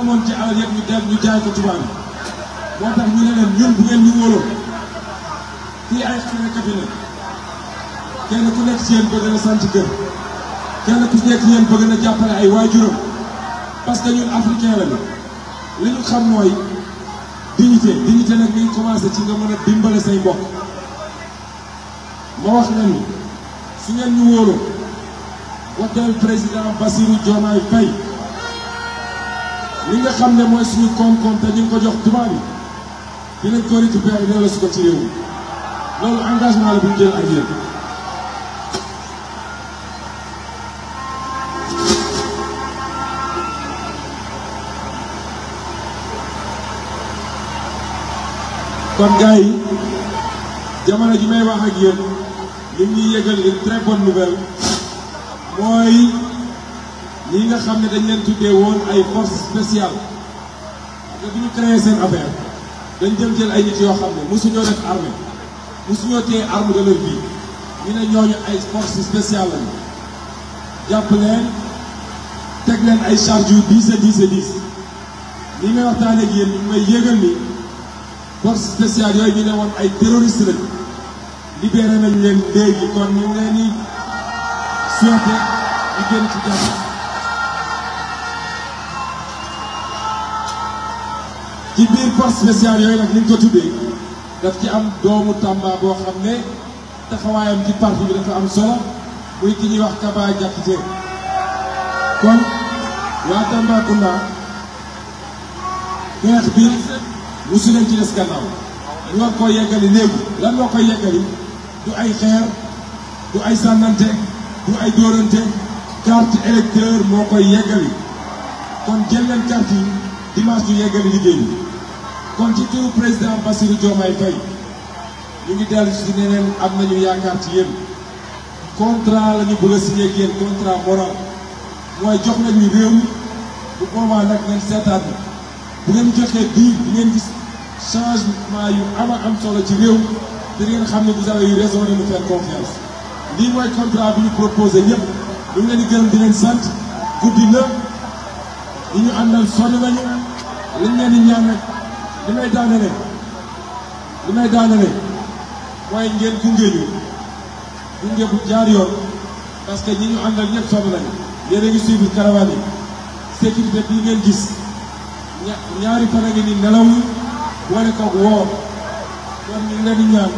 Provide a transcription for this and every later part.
amoon ci alal yëpp ñu dem ñu jaay ko tubaab yi moo tax ñu ne leen ñun bu ngeen ñu wóoloo fii ay xarekat yi la kenn ku nekk ci yéen bëgg na sant kër kenn ku nekk ci bëgg na jàppale ay waajuram parce que ñun africain la li ñu xam mooy dignité dignité nag mi ngi ci nga mën a dimbale say mbokk ma wax leen ni su ngeen ñu wóoloo wooteel président Bassirou Diomaye Faye li nga xam ne mooy suñu koom-koom te ñu ngi ko jox tubaab yi dinañ ko récupérer loolu su ko ci réew loolu engagement la bu ñu jël ak yéen. kon gars yi jamono ji may wax ak yéen li ñuy yëgal une très bonne nouvelle mooy. ñi nga dañ leen tuddee woon ay forces spéciales te bu créé seen affaire dañ jël jël ay nit yoo xam ne mosuñoo def armée mosuñoo téye arme de leur vie ñu ne ñooñu ay forces spéciales lañu jàpp leen teg leen ay charge yu diis a diis ñi may waxtaanee ak yéen may yégal ni forces spéciales yooyu ñu ne woon ay terroristes lañu libéré nañ leen léegi kon ñu ngi leen di souhaité ñu génn ci jàmm. ci biir force spéciale yooyu nag ni ñu ko tuddee daf ci am doomu Tamba boo xam ne taxawaayam ci parti bi dafa am solo muy ki ñuy wax Kaba Diakité kon waa Tambacounda xeex bi musu leen ci des gannaaw ñu war yeggali léegi lan koy yeggali du ay xeer du ay sànnante du ay dóorante carte électeur moo koy yeggali kon jël leen carte yi dimanche yu yeggali liggéey kon ci turu président Bassirou Diomaye Faye ñu ngi dellu si ne leen am nañu yaakaar ci yéen contrat la ñu bëgg a signé ak yéen contrat moral mooy jox nañu réew mi bu boobaa nag ngeen seetaat bu ngeen joxee bii di ngeen gis changement yu ama am solo ci réew te ngeen xam ne vous avez eu raison de nous faire confiance lii mooy contrat bi ñu proposé ñëpp sant guddi na li ñu àndal sonn nañu liñ leen di ñaan rek li may daane rek li ngeen gunge ñu gunge bu jaar yoon parce que ñi ñu àndal ñëpp sonn nañu. yéen a ngi suivre caravane yi sécurité bi ngeen gis ñaari fan a ngi ni nelaw yi boole ko woor kon ñu ngi ñaan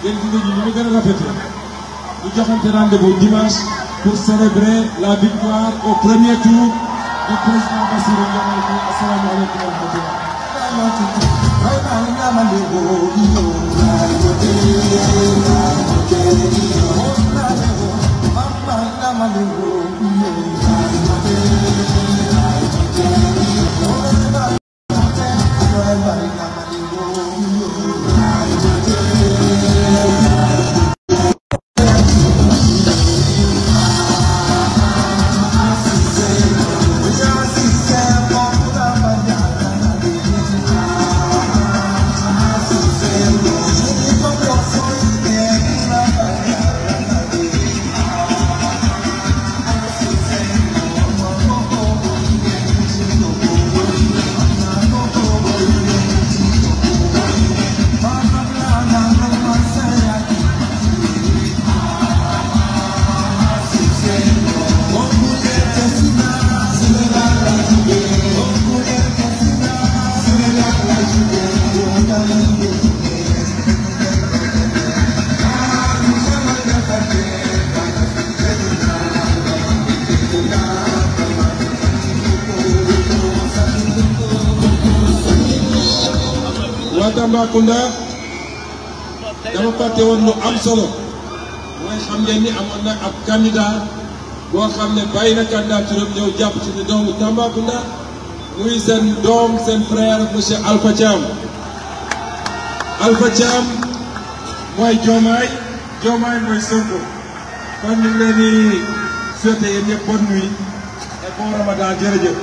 ngeen gunge ñu ñu mu gën ñu joxante rendez-vous dimanche pour célébrer la victoire au premier tour du président Bassirou Diomaye Faye asalaamaaleykum wa Mama, waa Tambacounda dama fàtte woon lu am solo mooy xam ngeen ni amoon na ab candidat boo xam ne bàyyi na candidature ñëw jàpp ci ni doomu Tambacounda muy seen doom seen frère monsieur Alpha Alpha Thiam mooy Diomaye Diomaye mooy Sonko kon ñu ngi leen di souhaité yéen ñëpp bonne nuit et bon ramadan jërëjëf